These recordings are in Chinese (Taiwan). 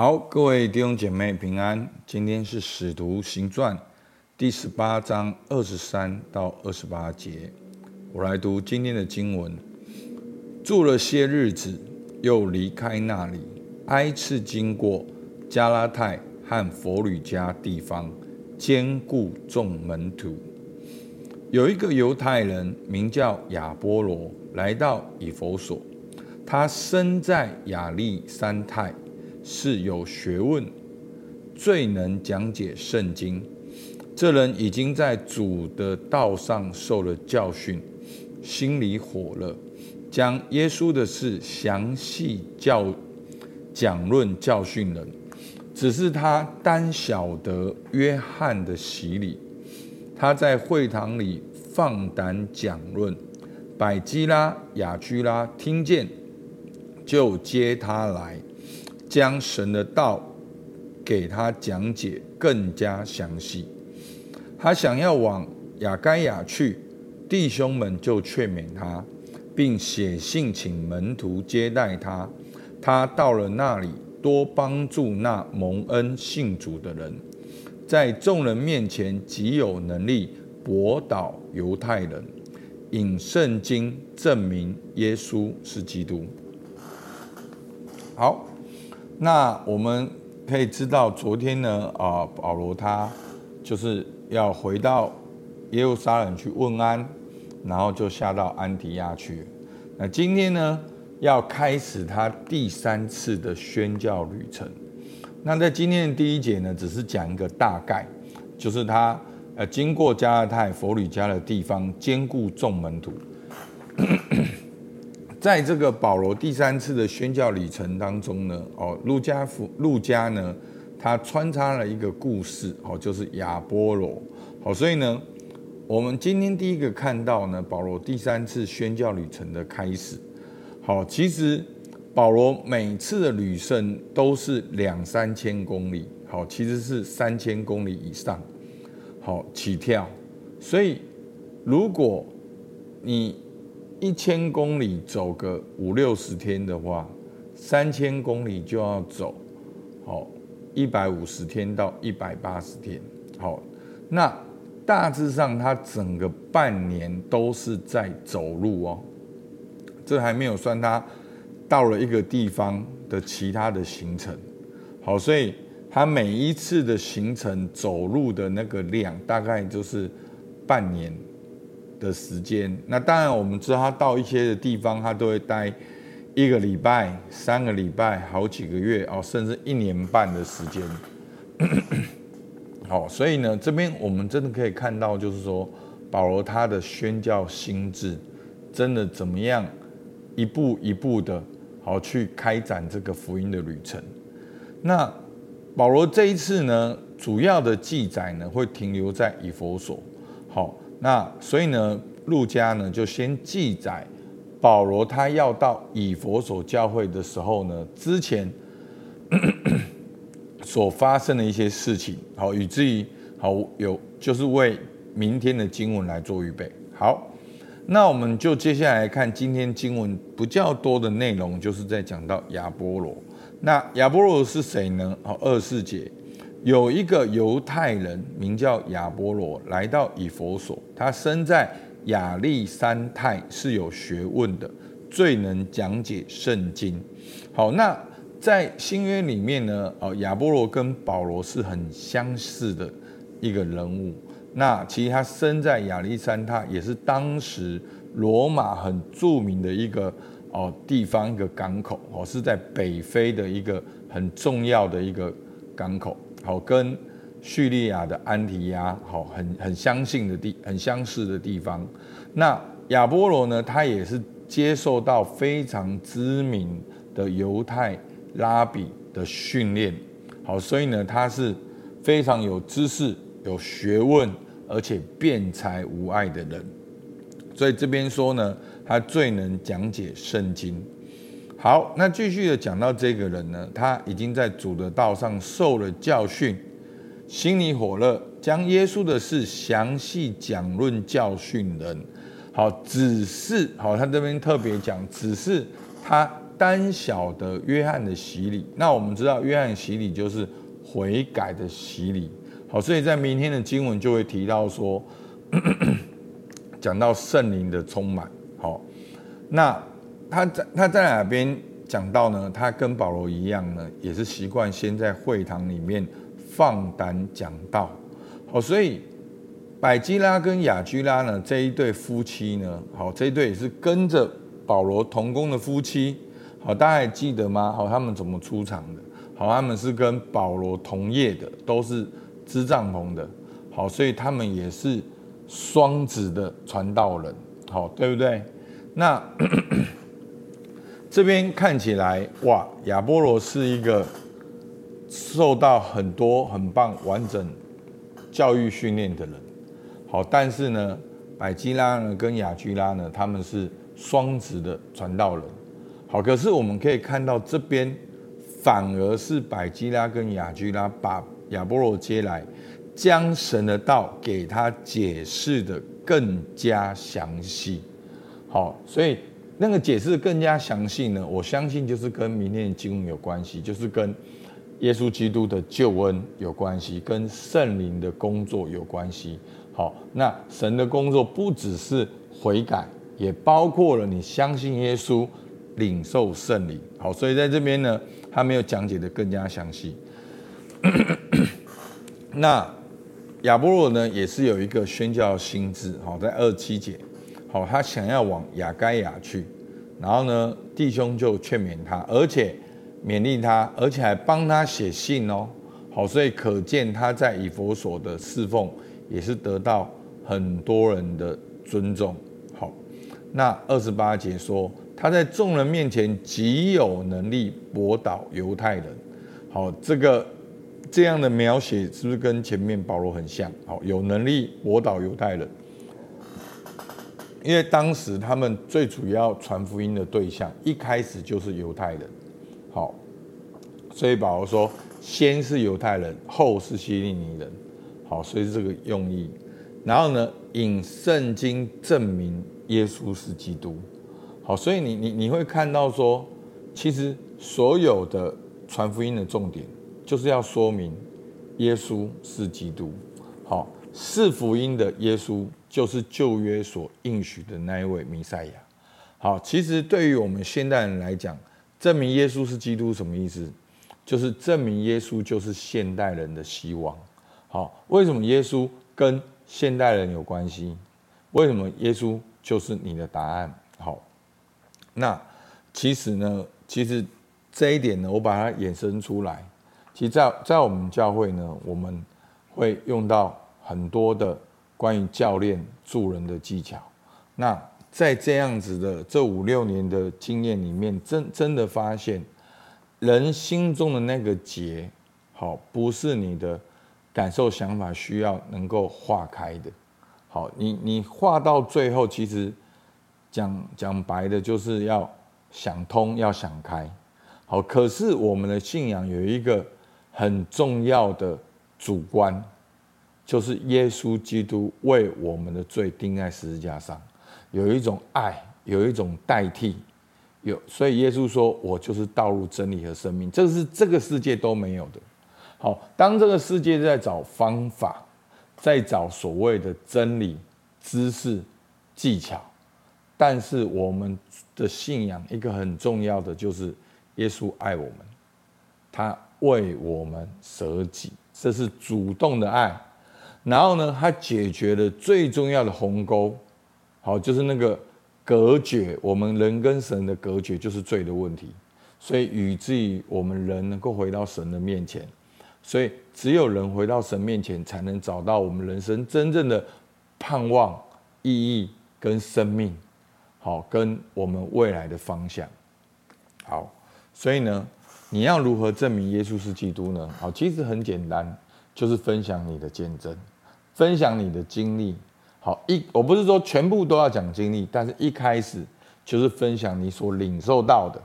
好，各位弟兄姐妹平安。今天是《使徒行傳》第十八章二十三到二十八節，我來讀今天的經文。住了些日子，又離開那裡，挨次經過加拉太和弗呂家地方，堅固眾門徒。有一個猶太人名叫亞波羅，來到以弗所，他生在亞力山太。是有學問，最能講解聖經。這人已經在主的道上受了教訓，心裡火了，將耶穌的事詳細教講論教訓人。只是他單曉得約翰的洗禮。他在會堂裡放膽講論，百基拉、亞居拉聽見，就接他來。將神的道給他講解更加詳細。他想要往亞該亞去，弟兄們就勸勉他，並寫信請門徒接待他。他到了那裡，多幫助那蒙恩信主的人，在眾人面前極有能力駁倒猶太人，引聖經證明耶穌是基督。好。那我們可以知道，昨天呢，啊、呃，保羅他就是要回到耶路撒冷去問安，然後就下到安提阿去了。那今天呢，要開始他第三次的宣教旅程。那在今天的第一節呢，只是講一個大概，就是他呃經過加拉太、弗呂家的地方，堅固眾門徒。在這個保羅第三次的宣教旅程當中呢，哦，路加福路加呢，他穿插了一個故事，哦，就是亞波羅，好，所以呢，我們今天第一個看到呢，保羅第三次宣教旅程的開始，好，其實保羅每次的旅程都是兩三千公里，好，其實是三千公里以上，好，起跳，所以如果你一千公里走個五六十天的話，三千公里就要走，好，一百五十天到一百八十天。好，那大致上他整個半年都是在走路哦。這還沒有算他到了一個地方的其他的行程。好，所以他每一次的行程走路的那個量，大概就是半年。的時間，那當然我們知道，他到一些的地方，他都會待一個禮拜、三個禮拜、好幾個月哦，甚至一年半的時間。好、 哦，所以呢，這邊我們真的可以看到，就是說保羅他的宣教心智，真的怎麼樣一步一步的，好、哦、去開展這個福音的旅程。那保羅這一次呢，主要的記載呢，會停留在以弗所。好、哦。那所以呢，路加呢就先記載保羅他要到以弗所教會的時候呢，之前所發生的一些事情，好，以至於好有就是為明天的經文來做預備。好，那我們就接下來看今天經文比較多的內容，就是在講到亞波羅。那亞波羅是誰呢？好，二十四節。有一個猶太人，名叫亞波羅，來到以弗所。他生在亞歷山太，是有學問的，最能講解聖經。好，那在新約裡面呢，哦，亞波羅跟保羅是很相似的一個人物。那其實他生在亞歷山太，也是當時羅馬很著名的一個哦地方，一個港口哦，是在北非的一個很重要的一個港口。好，跟敘利亞的安提亞，好，很很相信的地很相似的地方。那亞波羅呢？他也是接受到非常知名的猶太拉比的訓練，好，所以呢，他是非常有知識、有學問，而且辯才無礙的人。所以這邊說呢，他最能講解聖經。好，那繼續的講到這個人呢，他已經在主的道上受了教訓，心裡火熱，將耶穌的事詳細講論教訓人。好，只是好，他這邊特別講，只是他單曉得約翰的洗禮。那我們知道，約翰洗禮就是悔改的洗禮。好，所以在明天的經文就會提到說，講到聖靈的充滿。好，那。他在他在哪邊講道呢？他跟保羅一樣呢，也是習慣先在會堂裡面放膽講道。好，所以百基拉跟亞居拉呢，這一對夫妻呢，好，這一對也是跟着保羅同工的夫妻。好，大家還記得嗎？好，他們怎麼出場的？好，他們是跟保羅同業的，都是支帳篷的。好，所以他們也是雙子的傳道人。好，對不對？那。 這邊看起來哇，亞波羅是一個受到很多很棒、完整教育訓練的人。好，但是呢，百基拉呢跟亞居拉呢，他們是雙職的傳道人。好，可是我們可以看到這邊，反而是百基拉跟亞居拉把亞波羅接來，將神的道給他解釋得更加詳細。好，所以。那個解釋更加詳細呢，我相信就是跟明天的經文有關係，就是跟耶穌基督的救恩有關係，跟聖靈的工作有關係。好，那神的工作不只是悔改，也包括了你相信耶穌、領受聖靈。好，所以在這邊呢，他沒有講解得更加詳細。 那亞波羅呢，也是有一個宣教心志。好，在二七節。好，他想要往亞該亞去，然後呢，弟兄就勸勉他，而且勉勵他，而且還幫他寫信哦。好，所以可見他在以弗所的侍奉也是得到很多人的尊重。好，那二十八節說他在眾人面前極有能力駁倒猶太人。好，這個這樣的描寫是不是跟前面保羅很像？好，有能力駁倒猶太人。因為當時他們最主要傳福音的對象一開始就是猶太人，好，所以保羅說先是猶太人，後是希利尼人，好，所以這個用意。然後呢，引聖經證明耶穌是基督，好，所以你你你會看到說，其實所有的傳福音的重點就是要說明耶穌是基督，好，四福音的耶穌。就是舊約所應許的那一位彌賽亞。好，其實對於我們現代人來講，證明耶穌是基督什麼意思？就是證明耶穌就是現代人的希望。好，為什麼耶穌跟現代人有關係？為什麼耶穌就是你的答案？好，那其實呢，其實這一點呢，我把它衍生出來。其實在，在在我們教會呢，我們會用到很多的。關於教練助人的技巧，那在這樣子的這五六年的經驗裡面，真真的發現，人心中的那個結，好，不是你的感受、想法需要能夠化開的，好，你你化到最後，其實講講白的，就是要想通，要想開，好，可是我們的信仰有一個很重要的主觀。就是耶穌基督為我們的罪釘在十字架上，有一種愛，有一種代替，有所以耶穌說：“我就是道路、真理和生命。”這是這個世界都沒有的。好，當這個世界在找方法，在找所謂的真理、知識、技巧，但是我們的信仰一個很重要的就是耶穌愛我們，他為我們捨己，這是主動的愛。然後呢，他解決了最重要的鴻溝，好，就是那個隔絕我們人跟神的隔絕，就是罪的問題。所以，以至於我們人能夠回到神的面前。所以，只有人回到神面前，才能找到我們人生真正的盼望、意義跟生命。好，跟我們未來的方向。好，所以呢，你要如何證明耶穌是基督呢？好，其實很簡單，就是分享你的見證。分享你的經歷，好一，我不是說全部都要講經歷，但是一開始就是分享你所領受到的，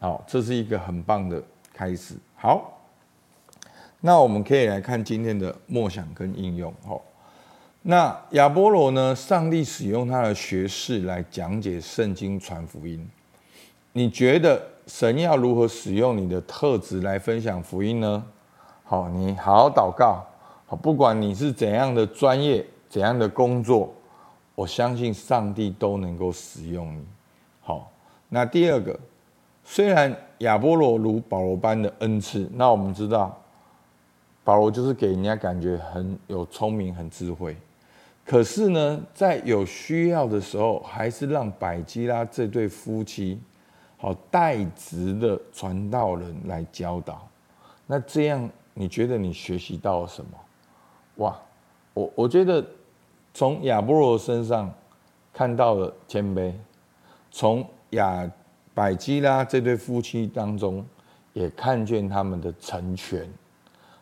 好，這是一個很棒的開始。好，那我們可以來看今天的默想跟應用。好，那亞波羅呢？上帝使用他的學識來講解聖經，傳福音。你覺得神要如何使用你的特質來分享福音呢？好，你好好禱告。好，不管你是怎樣的專業、怎樣的工作，我相信上帝都能夠使用你。好，那第二個，雖然亞波羅如保羅般的恩賜，那我們知道保羅就是給人家感覺很有聰明、很智慧，可是呢，在有需要的時候，還是讓百基拉這對夫妻好帶職的傳道人來教導。那這樣，你覺得你學習到了什麼？哇，我我覺得從亞波羅身上看到了謙卑，從亞百基拉這對夫妻當中也看見他們的成全。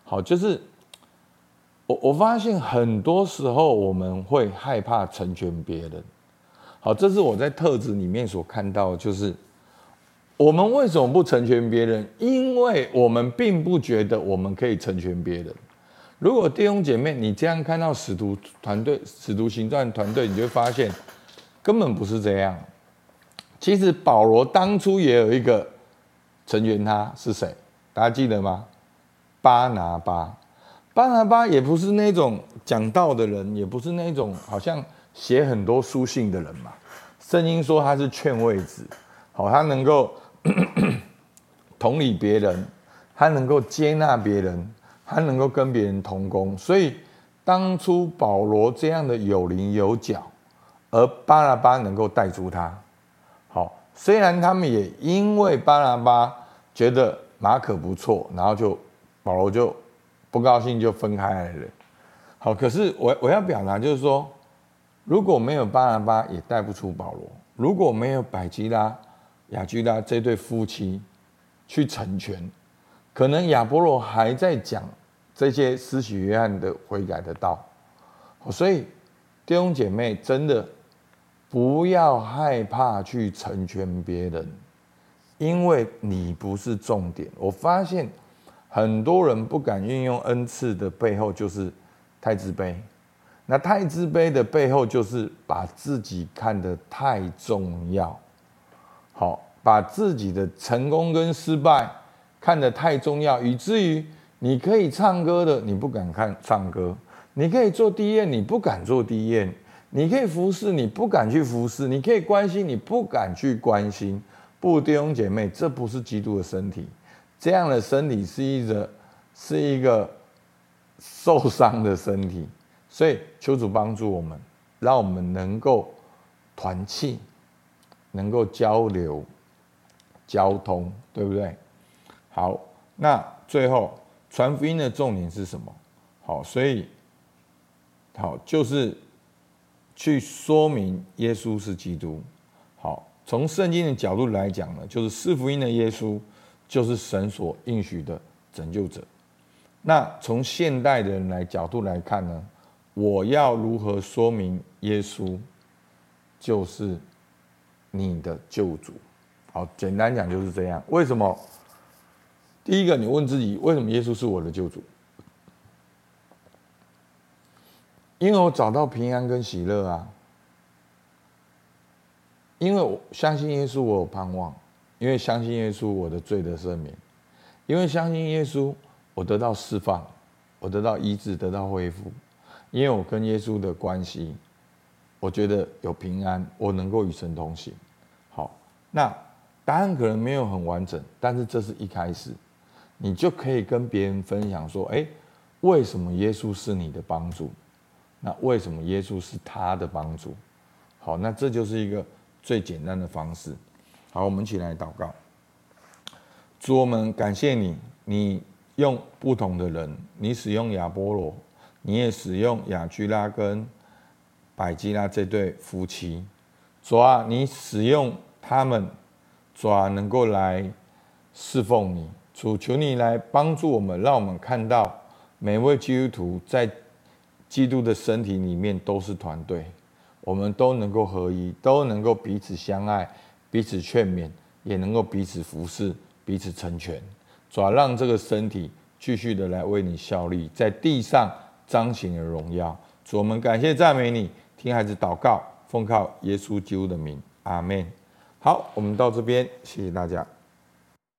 好，就是我我發現很多時候我們會害怕成全別人。好，這是我在特質裡面所看到，就是我們為什麼不成全別人？因為我們並不覺得我們可以成全別人。如果弟兄姐妹，你這樣看到使徒團隊、使徒行傳團隊，你就會發現根本不是這樣。其實保羅當初也有一個成員，他是誰？大家記得嗎？巴拿巴，巴。巴拿巴也不是那種講道的人，也不是那種好像寫很多書信的人嘛。聖經說他是勸慰子，好，他能夠 同理別人，他能夠接納別人。他能夠跟別人同工，所以當初保羅這樣的有稜有角，而巴拿巴能夠帶出他。好，雖然他們也因為巴拿巴覺得馬可不錯，然後就保羅就不高興就分開來了。好，可是我我要表達就是說，如果沒有巴拿巴也帶不出保羅，如果沒有百基拉、亞居拉這對夫妻去成全。可能亞波羅還在講這些施洗約翰的悔改的道，所以弟兄姐妹真的不要害怕去成全別人，因為你不是重點。我發現很多人不敢運用恩賜的背後，就是太自卑。那太自卑的背後，就是把自己看得太重要。好，把自己的成功跟失敗。看得太重要，以至於你可以唱歌的，你不敢看唱歌；你可以做低宴，你不敢做低宴；你可以服侍，你不敢去服侍；你可以關心，你不敢去關心。弟兄姐妹，這不是基督的身體，這樣的身體是一者是一個受傷的身體。所以，求主幫助我們，讓我們能夠團契，能夠交流、交通，對不對？好，那最後傳福音的重點是什麼？好，所以，好就是去說明耶穌是基督。好，從聖經的角度來講呢，就是四福音的耶穌就是神所應許的拯救者。那從現代的人來角度來看呢，我要如何說明耶穌就是你的救主？好，簡單講就是這樣。為什麼？第一個，你問自己為什麼耶穌是我的救主？因為我找到平安跟喜樂啊，因為我相信耶穌，我有盼望；因為相信耶穌，我的罪的赦免；因為相信耶穌，我得到釋放，我得到醫治，得到恢復；因為我跟耶穌的關係，我覺得有平安，我能夠與神同行。好，那答案可能沒有很完整，但是這是一開始。你就可以跟別人分享說：“誒、欸，為什麼耶穌是你的幫助？那為什麼耶穌是他的幫助？好，那這就是一個最簡單的方式。好，我們一起來禱告：主，我們感謝你，你用不同的人，你使用亞波羅，你也使用亞居拉跟百基拉這對夫妻。主啊，你使用他們，主啊，能夠來侍奉你。”主求你來幫助我們，讓我們看到每位基督徒在基督的身體裡面都是團隊，我們都能夠合一，都能夠彼此相愛、彼此勸勉，也能夠彼此服侍、彼此成全，主要讓這個身體繼續的來為你效力，在地上彰顯你的榮耀。主，我們感謝讚美你，聽孩子禱告，奉靠耶穌基督的名，阿門。好，我們到這邊，謝謝大家。